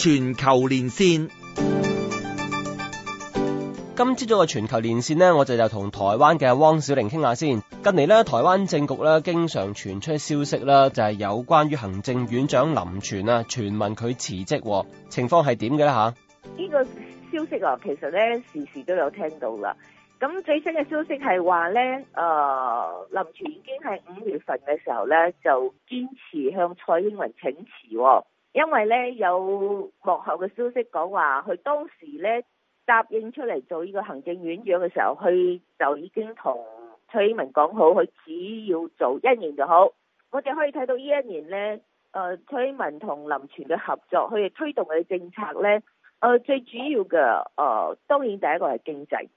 全球，全球連線，今朝早嘅全球連線呢，我就同台灣嘅汪小玲傾下先。近嚟呢，台灣政局呢經常傳出消息啦，就係、是、有關於行政院長林全啊，傳聞佢辭職，情況係點嘅吓？呢個消息啊，其實呢時時都有聽到啦。咁最新嘅消息係話呢，誒、呃，林全已經係五月份嘅時候呢，就堅持向蔡英文請辭。因為咧有幕後嘅消息講話，佢當時咧答應出嚟做呢個行政院長嘅時候，佢就已經同蔡英文講好，佢只要做一年就好。我哋可以睇到呢一年咧，誒、呃，蔡英文同林全嘅合作，佢推動嘅政策咧，誒、呃，最主要嘅誒、呃，當然第一個係經濟，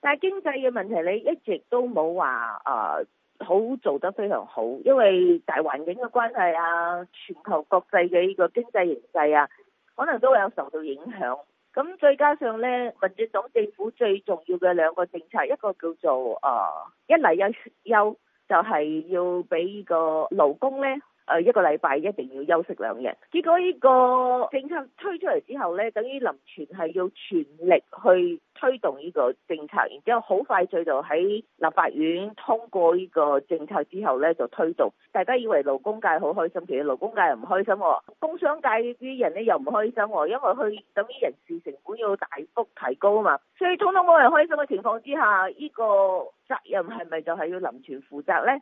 但係經濟嘅問題，你一直都冇話誒。呃好做得非常好，因為大環境嘅關係啊，全球國際嘅呢個經濟形勢啊，可能都會有受到影響。咁再加上咧，民進黨政府最重要嘅兩個政策，一個叫做誒、啊、一嚟一休，就係、是、要俾呢個勞工咧。誒，一個禮拜一定要休息兩日。結果呢個政策推出嚟之後呢，等於林全係要全力去推動呢個政策。然之後好快就就喺立法院通過呢個政策之後呢，就推動。大家以為勞工界好開心，其實勞工界又唔開心啊。工商界啲人呢又唔開心啊，因為佢等於人事成本要大幅提高啊嘛。所以通通冇人開心嘅情況之下，呢個責任係咪就係要林全負責呢？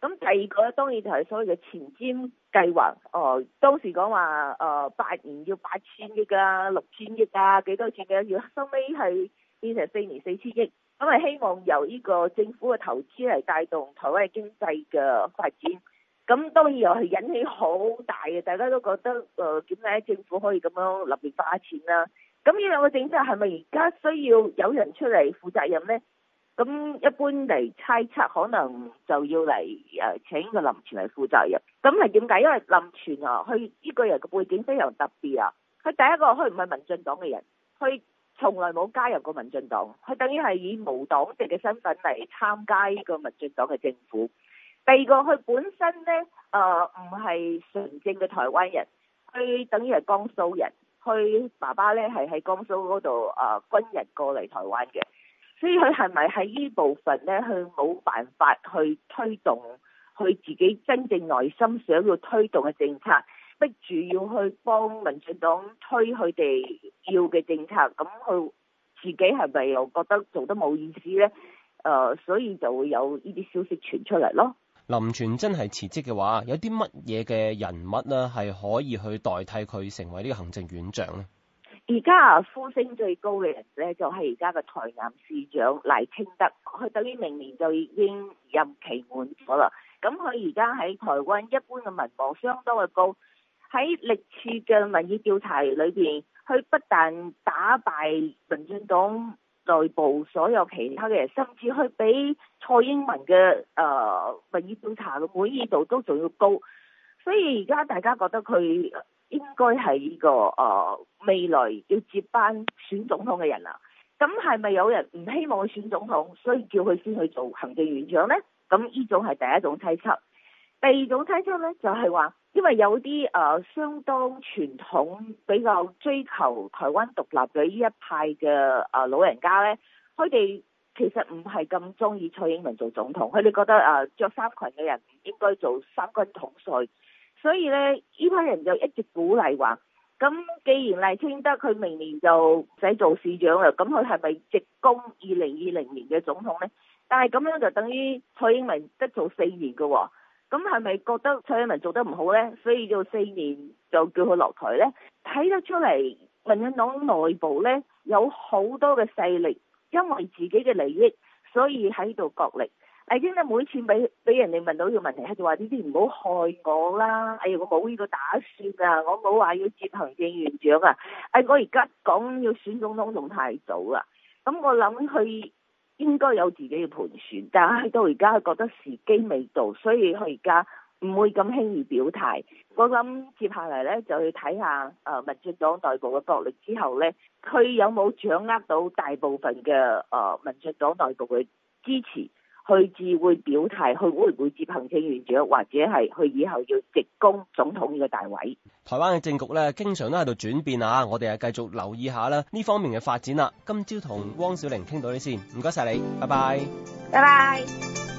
咁第二個咧，當然就係所謂嘅前瞻計劃。哦、呃，當時講話誒八年要八千億啊，六千億啊，幾多錢嘅、啊、要，收尾係變成四年四千億。咁係希望由呢個政府嘅投資嚟帶動台灣嘅經濟嘅發展。咁當然又係引起好大嘅，大家都覺得誒點解政府可以咁樣立亂花錢啦、啊？咁呢兩個政策係咪而家需要有人出嚟負責任咧？咁一般嚟猜測，可能就要嚟誒請個林全嚟負責任。咁係點解？因為林全啊，佢呢個人嘅背景非常特別啊。佢第一個，佢唔係民進黨嘅人，佢從來冇加入過民進黨，佢等於係以無黨籍嘅身份嚟參加呢個民進黨嘅政府。第二個，佢本身呢，誒唔係純正嘅台灣人，佢等於係江蘇人，佢爸爸呢，係喺江蘇嗰度啊軍人過嚟台灣嘅。所以佢係咪喺呢部分呢？佢冇辦法去推動，佢自己真正內心想要推動嘅政策，逼住要去幫民進黨推佢哋要嘅政策，咁佢自己係咪又覺得做得冇意思呢？誒、呃，所以就會有呢啲消息傳出嚟咯。林全真係辭職嘅話，有啲乜嘢嘅人物呢？係可以去代替佢成為呢個行政院長咧？而家呼聲最高嘅人呢，就係而家嘅台南市長賴清德，佢等於明年就已經任期滿咗啦。咁佢而家喺台灣一般嘅民望相當嘅高，喺歷次嘅民意調查裏邊，佢不但打敗民進黨內部所有其他嘅人，甚至佢比蔡英文嘅誒、呃、民意調查嘅滿意度都仲要高。所以而家大家覺得佢應該喺呢、這個誒。呃未來要接班選總統嘅人啊，咁係咪有人唔希望佢選總統，所以叫佢先去做行政院長呢？咁呢種係第一種猜測。第二種猜測呢，就係、是、話，因為有啲誒、呃、相當傳統、比較追求台灣獨立嘅呢一派嘅誒、呃、老人家呢，佢哋其實唔係咁中意蔡英文做總統，佢哋覺得誒、呃、着衫裙嘅人應該做三軍統帥，所以呢，呢班人就一直鼓勵話。咁既然賴清德佢明年就唔使做市長啦，咁佢係咪直攻二零二零年嘅總統呢？但係咁樣就等於蔡英文得做四年嘅喎，咁係咪覺得蔡英文做得唔好呢？所以到四年就叫佢落台呢？睇得出嚟民進黨內部呢，有好多嘅勢力，因為自己嘅利益，所以喺度角力。阿英咧，每次俾俾人哋問到呢個問題，佢就話：呢啲唔好害我啦！哎我冇呢個打算啊，我冇話要接行政院長啊。哎，我而家講要選總統仲太早啦。咁我諗佢應該有自己嘅盤算，但係到而家佢覺得時機未到，所以佢而家唔會咁輕易表態。我諗接下嚟咧，就去睇下誒、呃、民進黨內部嘅角力之後咧，佢有冇掌握到大部分嘅誒、呃、民進黨內部嘅支持。佢至會表態，佢會唔會接行政院長或者係佢以後要直攻總統呢個大位？台灣嘅政局咧，經常都喺度轉變啊！我哋啊，繼續留意一下啦呢方面嘅發展啦。今朝同汪小玲傾到呢先，唔該晒你，拜拜，拜拜。